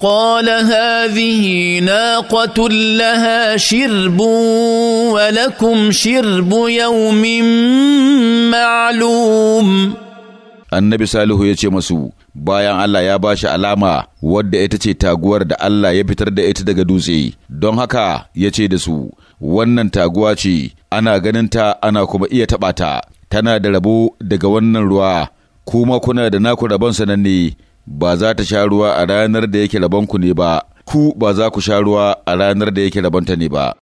قال هذه ناقة لها شرب ولكم شرب يوم معلوم annabi salihu ya ce masu bayan Allah ya ba shi alama wadda ita ce taguwar da Allah ya fitar da ita daga dutse don haka ya ce da su wannan taguwa ce ana ganin ta ana kuma iya taɓa ta. tana da rabo daga wannan ruwa kuma kuna da naku rabon sananne ba za ta sha ruwa a ranar da yake rabonku ne ba, ku ba za ku sha ruwa a ranar da yake rabonta ne ba.